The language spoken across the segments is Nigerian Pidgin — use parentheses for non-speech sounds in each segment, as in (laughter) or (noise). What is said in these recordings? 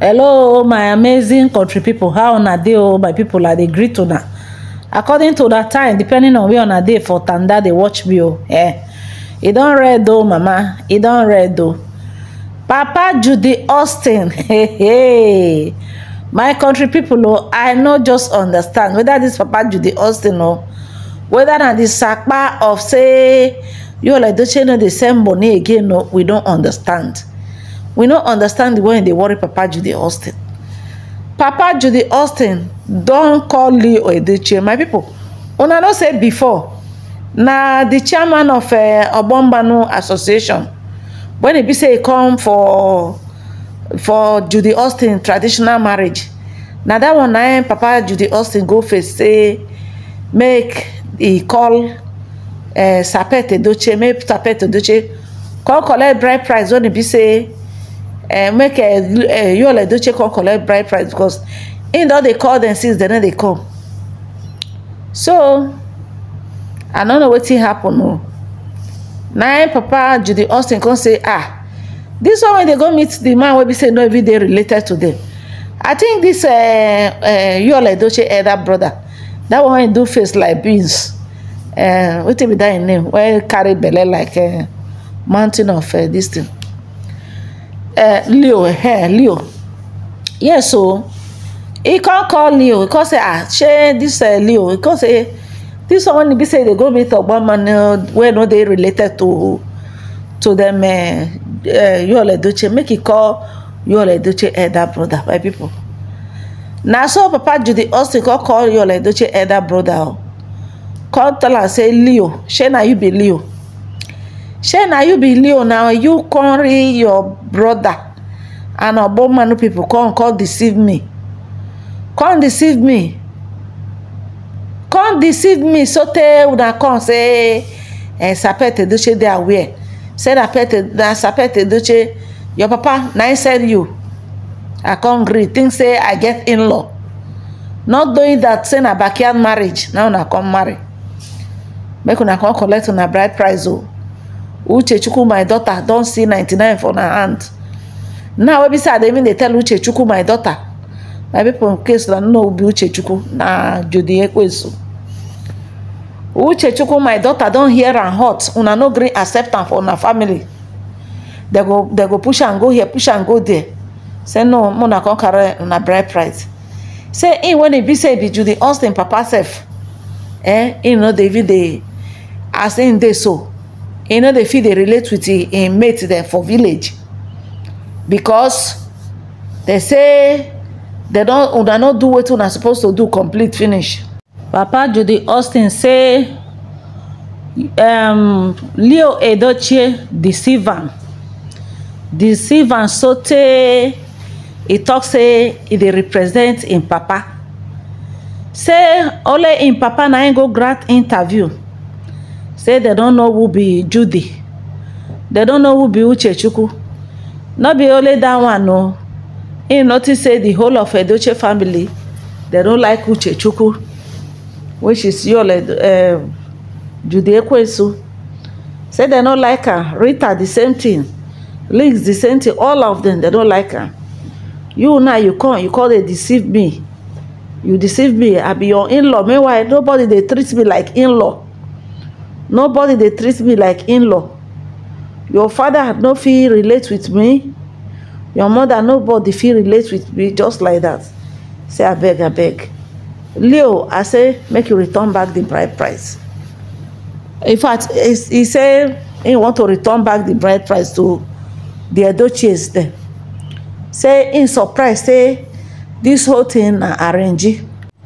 hello my amazing country people. how una dey oh my people, i dey greet una according to that time depending on where una dey for tanda dey watch me o oh. eh e don red oh mama e don red oh. papa judy austin (laughs) hey hey my country people, oh, i no just understand whether this papa judy austin oh, whether na di sapa of say you yola edoche no dey send money again o we don't understand we no understand the way they worry papa judy austin papa judy austin don't call lee oedeche my people. pipo una know say before Now the chairman of eh, Obombanu association when he be say e come for for judy austin traditional marriage now that one na im papa judy austin go face say make e call Uh, sapet doche, make sapet doche. Call collect bride price when he be say Eh, make eh, eh, you yall check on collect bride price because in don they call dem since then they come so i don't know what thing happen o oh. now papa judy austin come say ah this one when they go meet the man will be saying no every day related to them. i think this you dis yall edoche elder brother that one wey do face like beans What be that name wey carry belle like a mountain of this thing. uh, leo hey, eh, eh, leo yes o so, e come call leo e come say ah shey this uh, leo e come say this one wey be say dey go meet ogbonman wey no dey related to to dem uh, uh, yul make e call yul edochie elder brother my people na so papa judy austin come call yul edochie elder brother o come tell am say leo shey na you be leo. shey na you be leo na you carry your brother, and ogbomanu pipo come come deceive me come deceive me come deceive me sotey una come say eh, sapete edoche dey aware say na sapete edoche your papa na him send you i come gree think say i get in law not doing that say na backyard marriage now una come marry make una come collect una bride price o oh. uchechukwu my daughter don see 99 for her hand now wey say i dey even dey tell uchechukwu my daughter my pipo nke so na no be uchechukwu na jodi ekwesu uchechukwu my daughter don hear am hot una no gree accept am for una family dem go go push am go here push am go there say no muna come carry una bride price say him when e be say be judy austin papa sef eh him no dey even dey as him dey so e no dey fit dey relate with im mate dem for village because dem say dem no do wetin una suppose to do complete finish papa judy austin say um, leo edochie deceive am deceive am sotey e tok say e dey represent im papa say only im papa na im go grant interview say they don't know who be judy They don't know who be uchechukwu no be only that one no. him notice say the whole of edoche family they don't like uchechukwu which is yole eh, um, judy ekwensu say they don't like her. rita the same thing links the same thing all of them, they don't like her. you now you come you call they deceive me you deceive me i be your in-law meanwhile nobody they treat me like in-law nobody dey treat me like in-law your father no fit relate with me your mother nobody fit relate with me just like that. say abeg abeg leo i say make you return back the bride price in fact he say he want to return back the bride price to di edochies dem say im surprise say this whole thing na arrange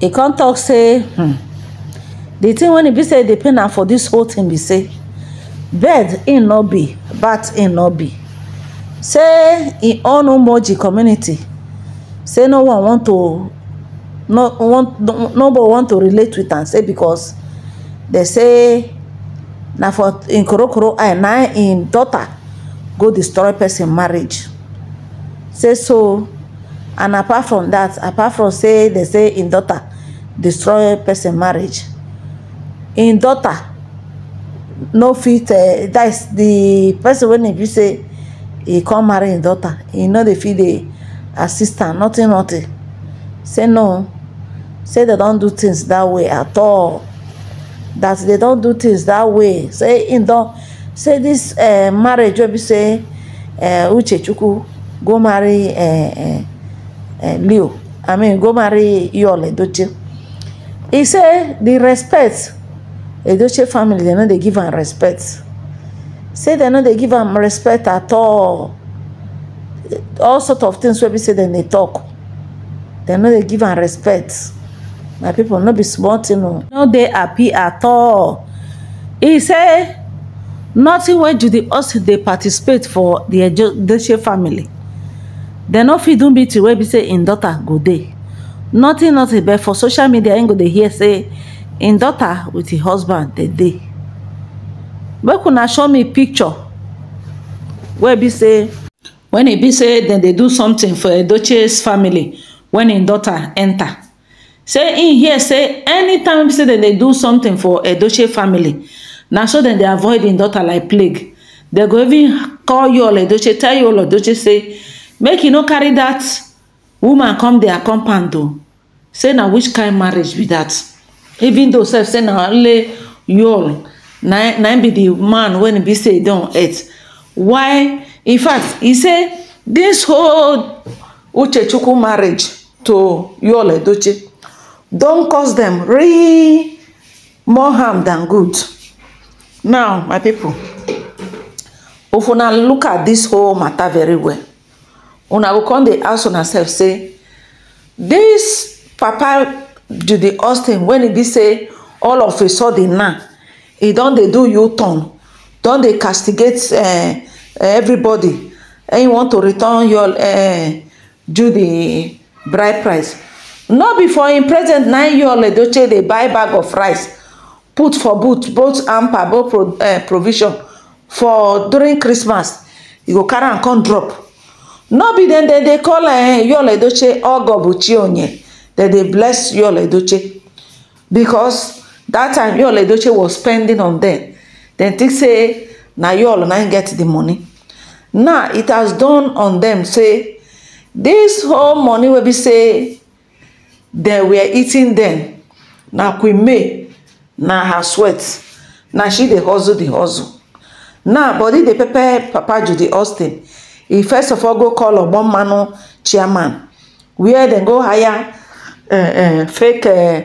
e come tok say hmm the thing when e be say they pain am for this whole thing be say bed in no be bat in no be say im own moji community say no one want to no want nobody want to relate with and say because they say now for im korokoro I now in daughter go destroy person marriage say so and apart from that, apart from say they say in daughter destroy person marriage In daughter no fit eh, that is di person wey be say he come marry im daughter he no dey fit dey assist am nothing nothing say no say they don do things that way at all that they don do things that way say im don say dis eh, marriage wey be say eh, uchechukwu go marry leo i mean go marry yul edochie He say the respect edoche family they no dey give am respect say they no dey give am respect at all all sort of things wey be say dem dey talk dem no dey give am respect my people not be small tin o oh. no they happy at all He say nothing do the austin they participate for di edoche family dem no fit do meeting wey be say in daughter go dey nothing nothing but for social media im go dey hear say im daughter with im husband dey dey make una show me picture wey be say when e be say dem dey do something for edoche's family When im daughter enter say im hear say anytime say dem dey do something for edoche family na so dem dey avoid im daughter like plague dem go even call you all edoche tell you all edoche say make you no carry that woman come their compound o oh. say na which kind marriage be that even though self say na only yall na na be the man wey be say don earth why in fact e say this whole uchechukwu marriage to yall edoche don cause dem really more harm than good now my people, if una look at this whole matter very well una go come dey ask una sef say this papa judy austin wen e be say all of a sudden now e don dey do u-turn don dey castigate eh, everybody and you want to return your judy eh, bride price no be for im present nine year edoche dey buy bag of rice put for boot both hamper both eh, provision for during christmas you go carry am come drop no be dem dey call yul edoche ogobuchi onye dem dey bless yul edoche because that time yul edoche was spending on them, dem think say na yul na im get di money now it has dawn on them say this whole money wey be say dem were eating dem na queen may na her sweat na she dey hustle the hustle now body dey pepper papa judy austin e first of all go call ogbonmanu chairman Where dem go hire uh, uh, fake eh,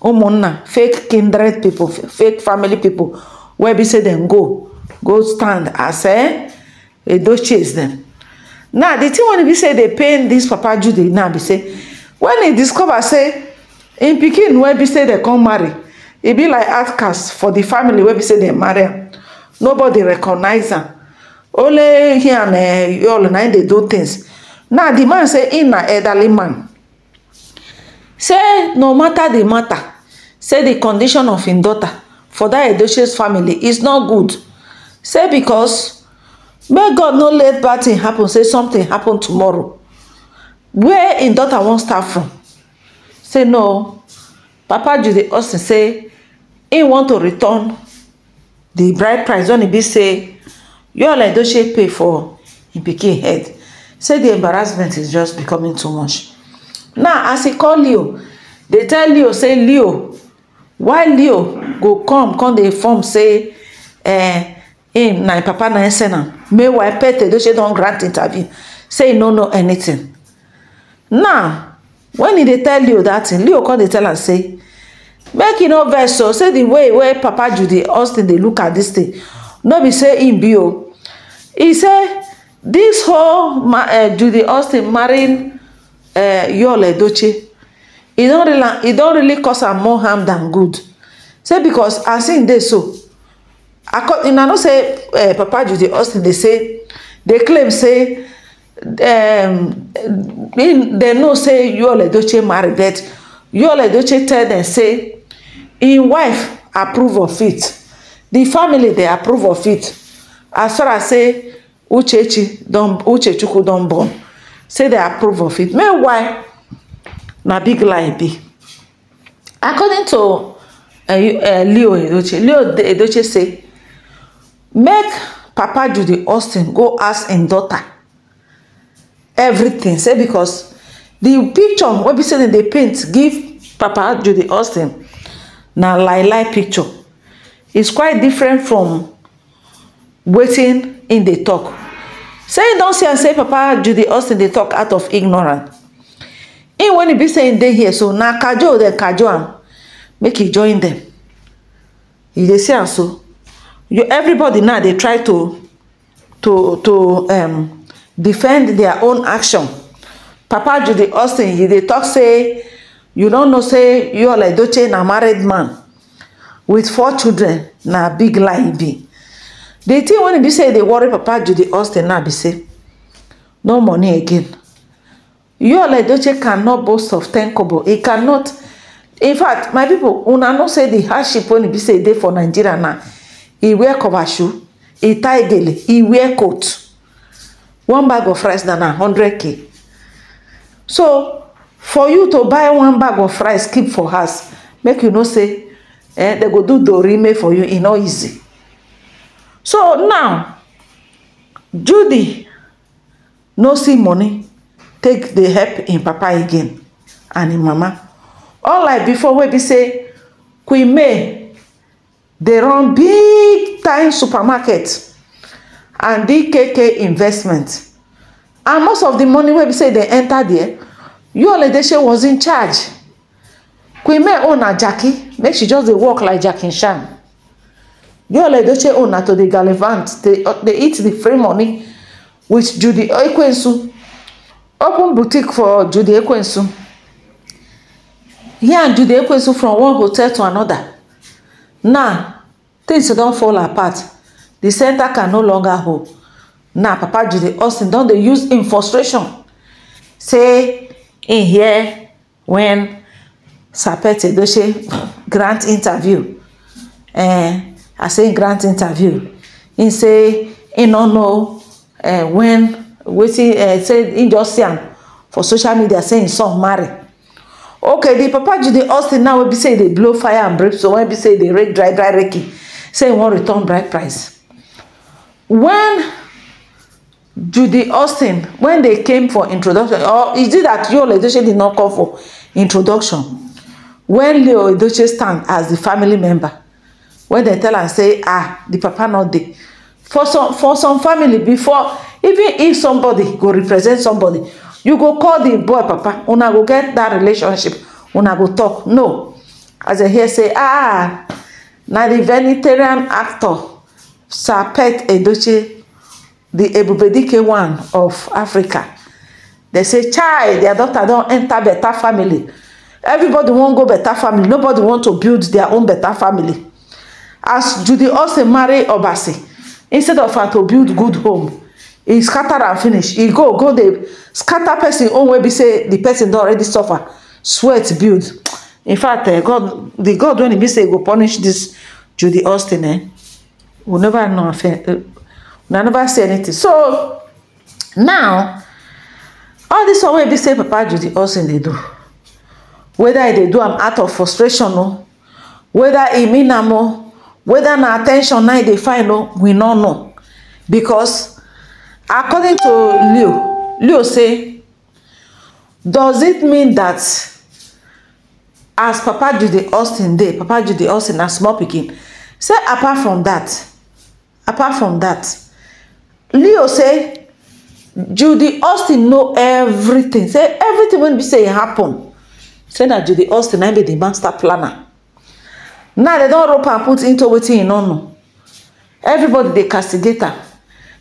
ụmụnna uh, fake kindred people fake family people wey be say dem go go stand as eh, edo chase dem now the thing wey be say dey pain this papa jude now be say when he discover say im pikin wey be say dem come marry e be like outcast for the family wey be say dem marry am nobody recognize am only him and uh, yolo na im dey do things now the man say im na elderly man say no matter the matter say the condition of im daughter for that edoches family is not good say because may god no let bad thing happen say something happen tomorrow where im daughter wan start from say no papa judy austin say im want to return di bride price when e be say yola edoche pay for im pikin head say di embarrassment is just becoming too much now as he call leo dey tell leo say leo why leo go come come dey form say eh, him na him papa na him send am meanwhile pete edoche don grant interview say he no know anything now when e dey tell leo that, thing leo come dey tell am say make e no vex so say the way wey papa judy austin dey look at this thing no be say im be o e say this whole eh, judy austin marrying Eh, yul edoche e don really cause am more harm than good say because as im dey so i know say eh, papa judy austin dey say dey claim say dem know say yul edoche marry but yul edoche tell dem say im wife approve of it di family dey approve of it as far as say uchechi don uchechukwu don born say they approve of it meanwhile na big lie be according to uh, uh, leo edoche leo edoche say make papa judy austin go ask im daughter everything say because the picture wey be say dem dey paint give papa judy austin na lie lie picture is quite different from wetin im dey talk say him don see am say papa judy austin dey talk out of ignorance him wen e be say him dey here so na cajole dem cajole am ah. make e join dem you dey see am so you everybody now dey try to to to um, defend their own action papa judy austin he dey talk say you don know say yool edoche na married man with four children na big lie e be the thing wey be say dey worry papa judy austin now be say no money again yul edoche cannot boast of ten kobo He cannot in fact my people, una know say the hardship wey be say dey for nigeria now He wear cover shoe he tie gele he wear coat one bag of rice na na 100k so for you to buy one bag of rice keep for house make you know say eh, They go do dorime for you e no easy so now judy no see money take the help in papa again and in mama All like before wey be say queen may dey run big time supermarket and dkk investment and most of the money wey be say they enter there yul edeche was in charge queen may own a jackie make she just dey work like jackie chan Yul Edochie own na to dey gallivant dey dey uh, eat the free money with Judy Ekwensu open boutique for Judy Ekwensu he and Judy Ekwensu from one hotel to another now things don fall apart the center can no longer hold now Papa Judy Austin don dey use im frustration say im hear wen Sapet Edochie (laughs) grant interview. Eh, I say grant interview He say he no know uh, eh, wen wetin uh, say im just see am for social media say im son marry okay the papa judy austin now will be say they blow fire and So when be say they dey rake dry dry raking say im wan return bride price wen judy austin when they came for introduction or is it that your edoche did not come for introduction When leo edoche stand as the family member when they tell am say ah the papa no dey for some for some family before even if somebody go represent somebody you go call the boy papa una go get that relationship una go talk. no as i hear say ah na the vegetarian actor sir pet edoche the ebubedike one of africa dem say child dia daughter don enter better family everybody wan go better family nobody want to build their own better family as judy austin marry obasi instead of her to build good home e scatter am finish e go go dey scatter person own wey be say the person don already suffer sweat build in fact uh, god the god wey e be say e go punish this judy austin eh we never know uh, we never say anything so now all this one wey e be say papa judy austin dey do whether e dey do am out of frustration o whether e mean am o whether na attention na e dey find o we no know because according to leo leo say does it mean that as papa judy austin dey papa judy austin na small pikin say apart from that apart from that leo say judy austin know everything say everything wey be say e happen say na judy austin na be the master planner now they don rope am put into wetin e no know everybody dey castigate am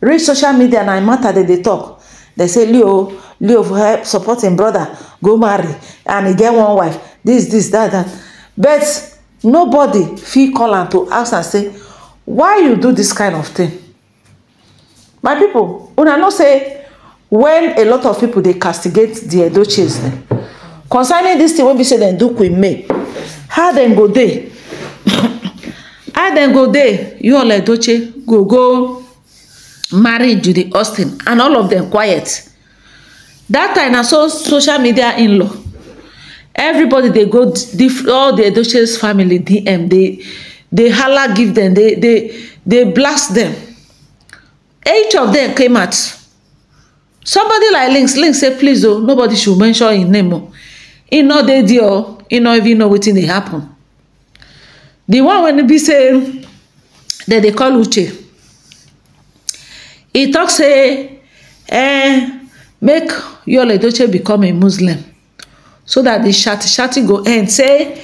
reach social media na im matter dem dey talk dem say leo leo help support im brother go marry and e get one wife this this that that but nobody fit call am to ask am say why you do this kind of thing my people una know say when a lot of people dey castigate the edochies dem concerning this thing wey be say dem do queen may how dem go dey how ah, then go there. You all yul edoche go go marry judy austin and all of them quiet That time na so social media in law everybody dey go all the edoches family dm dey hala give dem dey blast them. eight of them came out somebody like Link, Link say please o oh, nobody should mention him name o oh. He no dey there o oh. he no even know wetin dey happen the one when wey be say dem dey call uche e tok say eh, make yole edoche become a muslim so that the shati shati go end say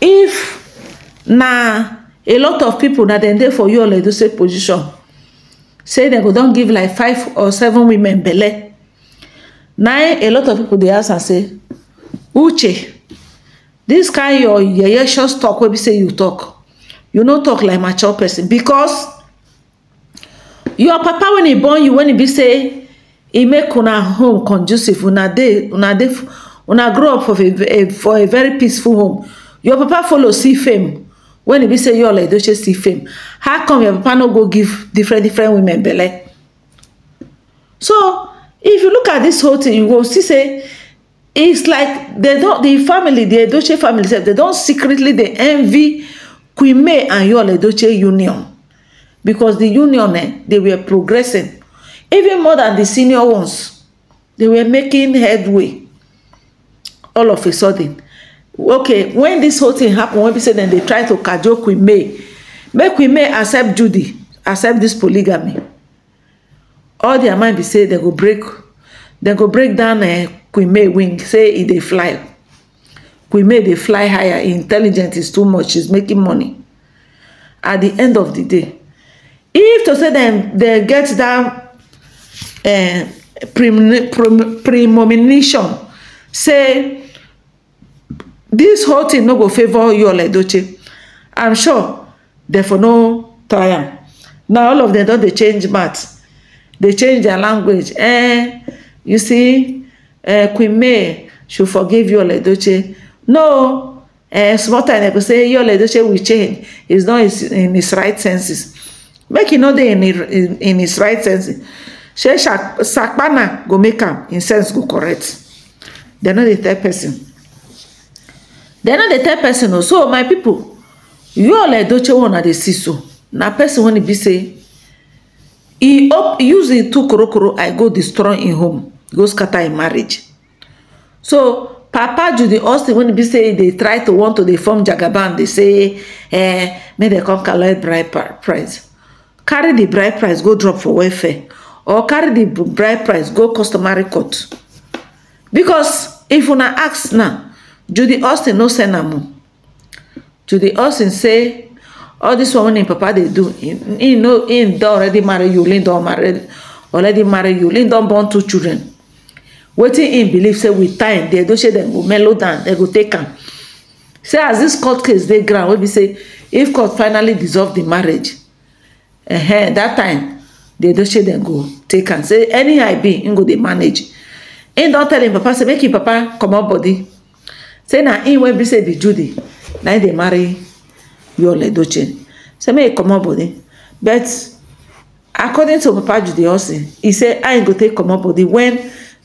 if na a lot of people na dem dey for yole edoche position say dem go don give like five or seven women belle na a lot of people dey ask am say uche This kind your yeye just talk wey be say you talk you no talk like mature person because your papa wen e born you wen e be say e make una home conducive una dey una grow up for a very peaceful home your papa follow see fame wen e be say you all edoche see fame how come your papa no go give different different women belle so if you look at dis whole thing you go see say it's like they don't. the family the edoche family sef they don't secretly they envy queen and your edoche union because the union eh, they were progressing even more than the senior ones they were making headway all of a sudden okay when this whole thing happened, when be said dem they tried to cajole queen make queen accept judy accept this polygamy all their mind be say they go break they go break down eh queen may wing say e dey fly queen may dey fly higher intelligence is too much she's making money at the end of the day if to say dem get dat eh, premonition say dis whole thing no go favour you edoche i'm sure dem for no try am now all of dem don dey change math dey change their language eh you see uh, Queen May should forgive Yul doche, No, uh, small time go say Yul doche, will change. It's not his, in his right senses. Make he no dey in, in, in his right senses. Shey Sakpana go make him in sense go correct. They're not the third person. They're not the third person o. Oh. So my people, Yul Edochie wey una dey see so na person wey be say He up using two korokoro I go destroy in home go scatter im marriage so papa judy austin when e be say e dey try to want to dey form jagaban dey say eh make dem come collect bride price carry the bride price go drop for welfare or carry the bride price go customary court because if una ask now judy austin no send am judy austin say all this one wey im papa dey do im don already marry you lynn don marry you lynn don born two children wetin im believe say with time di edoche dem go mellow down dem go take am say as dis court case dey ground wey be say if court finally dissolve di marriage -huh, dat time di edoche dem go take am say any I e be im go dey manage im don tell im papa say make im papa comot body say na im wey be say be judy na im dey marry yul edoche say make e comot body but according to papa judy osin e say how im e go take comot body wen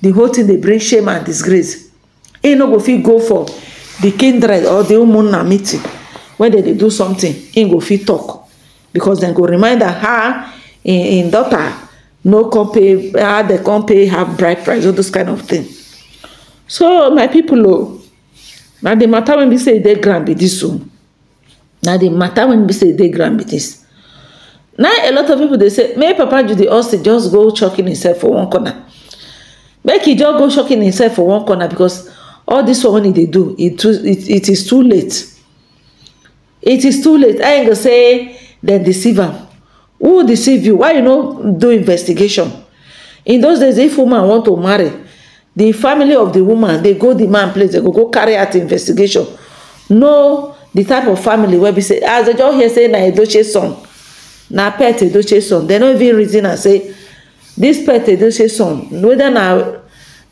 the whole thing dey bring shame and disgrace e no go fit go for the kindred or the umunna meeting when they dey do something im go fit talk because dem go remind am how im im daughter no come pay how dem come pay her bride price all those kind of things. so my people o oh, na the matter wey be say e dey ground be this o oh. na the matter wey be say e dey ground be this now a lot of people dey say may papa judy austin just go chucking himself for one corner make he just go shocking himself for one corner because all this one he dey do it too it, it is too late it is too late i go say dem deceive am who deceive you why you no do investigation in those days if woman want to marry the family of the woman dey go the man place dey go go carry out investigation know the type of family wey be say as they just hear say na edoche son na pet edoche son they no even reason am say this pet edoche son whether na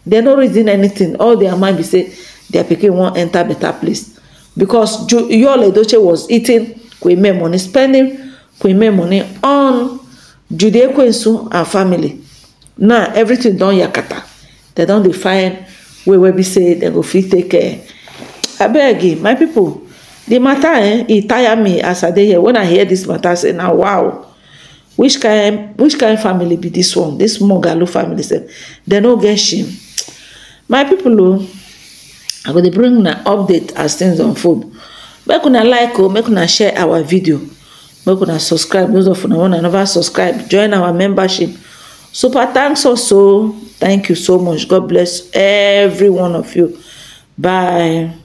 dem no reason anything all their mind be say their pikin wan enter better place because yul edoche was eating kweme money spending kweme money on jude ekwensu and family now everything don yakata dem don dey find way wey be say dem go fit take care abeg my people the matter eh, e tire me as i dey here when i hear this matter say na wow which kind which kind family be this one this mogalo family sef dem no get shame my people o oh, i go dey bring una update as things unfold make una like o oh, make una share our video make una subscribe those of una wanna never subscribe join our membership super thanks also thank you so much god bless every one of you bye